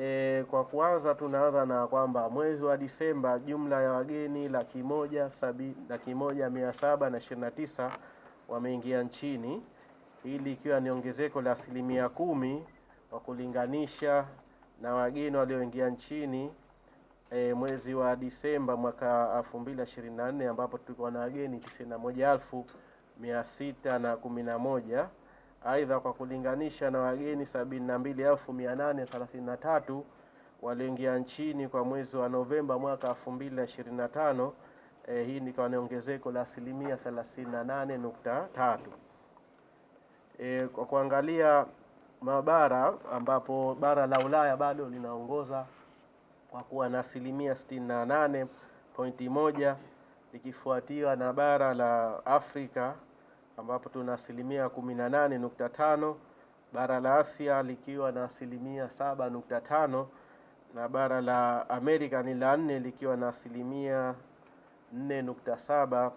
E, kwa kuanza tunaanza na kwamba mwezi wa Disemba jumla ya wageni laki moja, sabi, laki moja mia saba na ishirini na tisa wameingia nchini, hili ikiwa ni ongezeko la asilimia kumi kwa kulinganisha na wageni walioingia nchini e, mwezi wa Disemba mwaka 2024 ambapo tulikuwa na wageni 91611 Aidha, kwa kulinganisha na wageni sabini na mbili elfu mia walioingia nchini kwa mwezi wa Novemba mwaka 2025 eh, hii nikawa ni ongezeko la asilimia 38.3. Eh, kwa kuangalia mabara ambapo bara la Ulaya bado linaongoza kwa kuwa na asilimia 68.1 likifuatiwa na bara la Afrika ambapo tuna asilimia 18.5, bara la Asia likiwa na asilimia 7.5 na bara la Amerika ni la nne likiwa na asilimia 4.7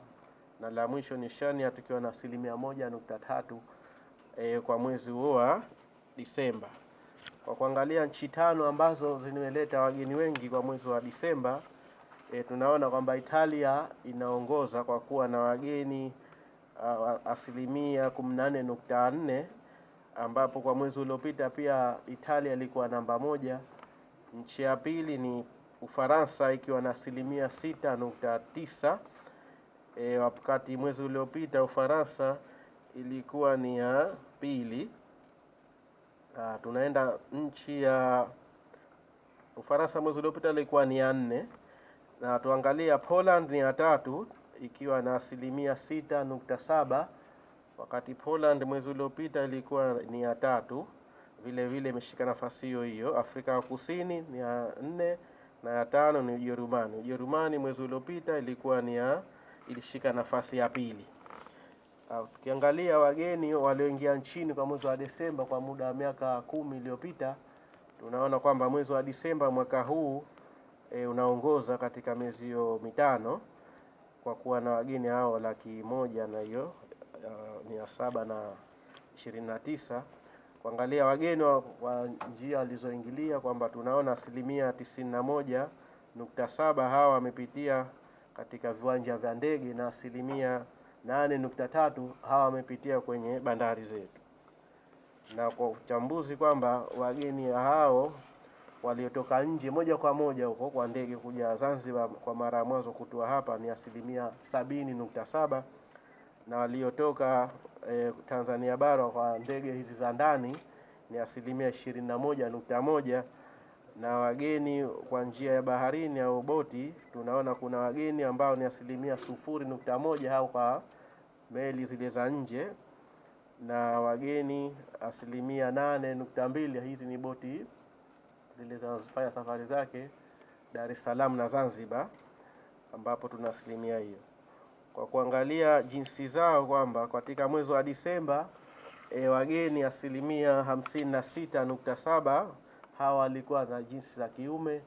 na la mwisho ni Shania tukiwa na asilimia moja nukta tatu e, kwa mwezi huo wa Disemba. Kwa kuangalia nchi tano ambazo zimeleta wageni wengi kwa mwezi wa Disemba, e, tunaona kwamba Italia inaongoza kwa kuwa na wageni asilimia kumi nukta nne ambapo kwa mwezi uliopita pia Italia ilikuwa namba moja. Nchi ya pili ni Ufaransa ikiwa na asilimia sita nukta tisa e, wakati mwezi uliopita Ufaransa ilikuwa ni ya pili. A, tunaenda nchi ya Ufaransa mwezi uliopita ilikuwa ni ya nne, na tuangalia Poland ni ya tatu ikiwa na asilimia sita nukta saba wakati Poland mwezi uliopita ilikuwa ni ya tatu. Vile vile imeshika nafasi hiyo hiyo. Afrika ya Kusini ni ya nne na ya tano ni Ujerumani. Ujerumani mwezi uliopita ilikuwa ni ya ilishika nafasi ya pili. Ah, tukiangalia wageni walioingia nchini kwa mwezi wa Desemba kwa muda wa miaka kumi iliyopita, tunaona kwamba mwezi wa Desemba mwaka huu e, unaongoza katika miezi hiyo mitano kwa kuwa na wageni hao laki moja na hiyo uh, mia saba na ishirini na tisa kuangalia wageni wa, wa njia walizoingilia kwamba tunaona asilimia tisini na moja nukta saba hawa wamepitia katika viwanja vya ndege na asilimia nane nukta tatu hawa wamepitia kwenye bandari zetu, na kwa uchambuzi kwamba wageni hao waliotoka nje moja kwa moja huko kwa ndege kuja Zanzibar kwa mara ya mwanzo kutua hapa ni asilimia sabini nukta saba na waliotoka eh, Tanzania bara kwa ndege hizi za ndani ni asilimia ishirini na moja nukta moja na wageni kwa njia ya baharini au boti, tunaona kuna wageni ambao ni asilimia sufuri nukta moja au kwa meli zile za nje na wageni asilimia nane nukta mbili hizi ni boti zilizofanya safari zake Dar es Salaam na Zanzibar, ambapo tuna asilimia hiyo kwa kuangalia jinsi zao kwamba katika mwezi wa Disemba e, wageni asilimia hamsini na sita nukta saba hawa walikuwa na jinsi za kiume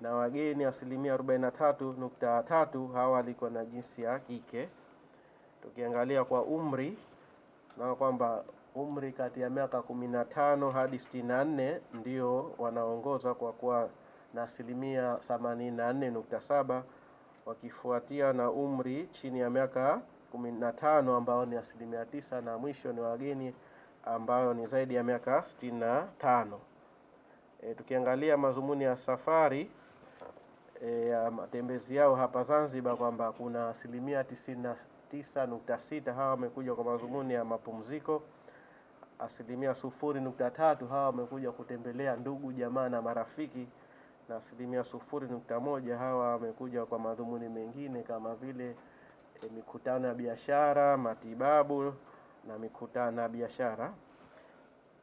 na wageni asilimia arobaini na tatu nukta tatu hawa walikuwa na jinsi ya kike. Tukiangalia kwa umri na kwamba umri kati ya miaka kumi na tano hadi 64 na nne ndio wanaongoza kwa kuwa na asilimia themanini wakifuatia na umri chini ya miaka kumi na tano ambao ni asilimia tisa na mwisho ni wageni ambayo ni zaidi ya miaka 65. tano. E, tukiangalia mazumuni ya safari e, ya matembezi yao hapa Zanzibar kwamba kuna asilimia 99.6 nukta sita hawa wamekuja kwa mazumuni ya mapumziko asilimia sufuri nukta tatu hawa wamekuja kutembelea ndugu jamaa na marafiki, na asilimia sufuri nukta moja hawa wamekuja kwa madhumuni mengine kama vile e, mikutano ya biashara, matibabu na mikutano ya biashara.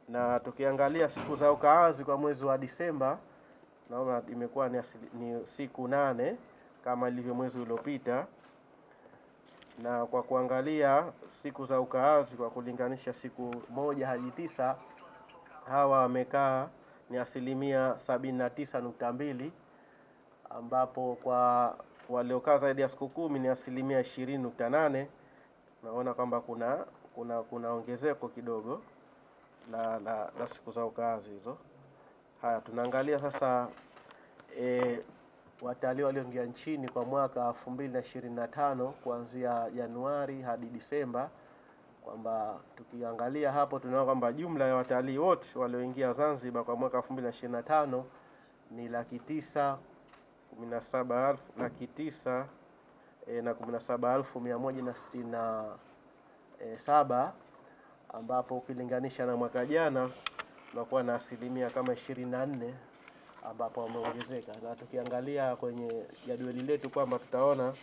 Na tukiangalia siku za ukaazi kwa mwezi wa Disemba, naona imekuwa ni, ni siku nane kama ilivyo mwezi uliopita na kwa kuangalia siku za ukaazi kwa kulinganisha siku moja hadi tisa, hawa wamekaa ni asilimia sabini na tisa nukta mbili ambapo kwa waliokaa zaidi ya siku kumi ni asilimia ishirini nukta nane Naona kwamba kuna kuna kuna ongezeko kidogo la, la, la siku za ukaazi hizo. Haya, tunaangalia sasa e, watalii walioingia nchini kwa mwaka 2025 kuanzia Januari hadi Disemba, kwamba tukiangalia hapo tunaona kwamba jumla ya watalii wote walioingia Zanzibar kwa mwaka 2025 ni laki tisa kumi na saba elfu laki tisa e, na kumi na saba elfu mia moja na sitini na e, saba ambapo ukilinganisha na mwaka jana unakuwa na asilimia kama 24 ambapo wameongezeka, na tukiangalia kwenye jadwali letu kwamba tutaona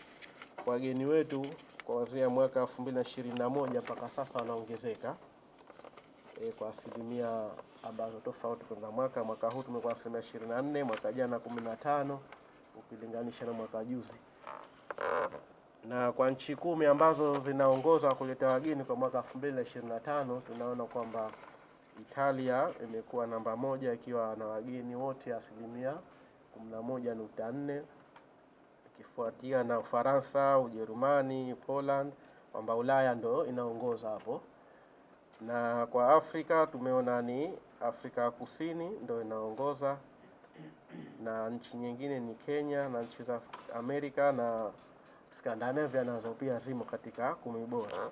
wageni wetu kuanzia mwaka 2021 mpaka sasa wanaongezeka e, kwa asilimia ambazo tofauti kuna mwaka mwaka huu tumekuwa asilimia 24, mwaka jana 15 ukilinganisha na mwaka juzi na kwa nchi kumi ambazo zinaongoza kuleta wageni kwa mwaka 2025 tunaona kwamba Italia imekuwa namba moja ikiwa na wageni wote asilimia kumi nukta nne ikifuatia na Ufaransa, Ujerumani, Poland kwamba Ulaya ndo inaongoza hapo, na kwa Afrika tumeona ni Afrika Kusini ndo inaongoza na nchi nyingine ni Kenya na nchi za Amerika na Skandinavia nazo pia zimo katika kumi bora.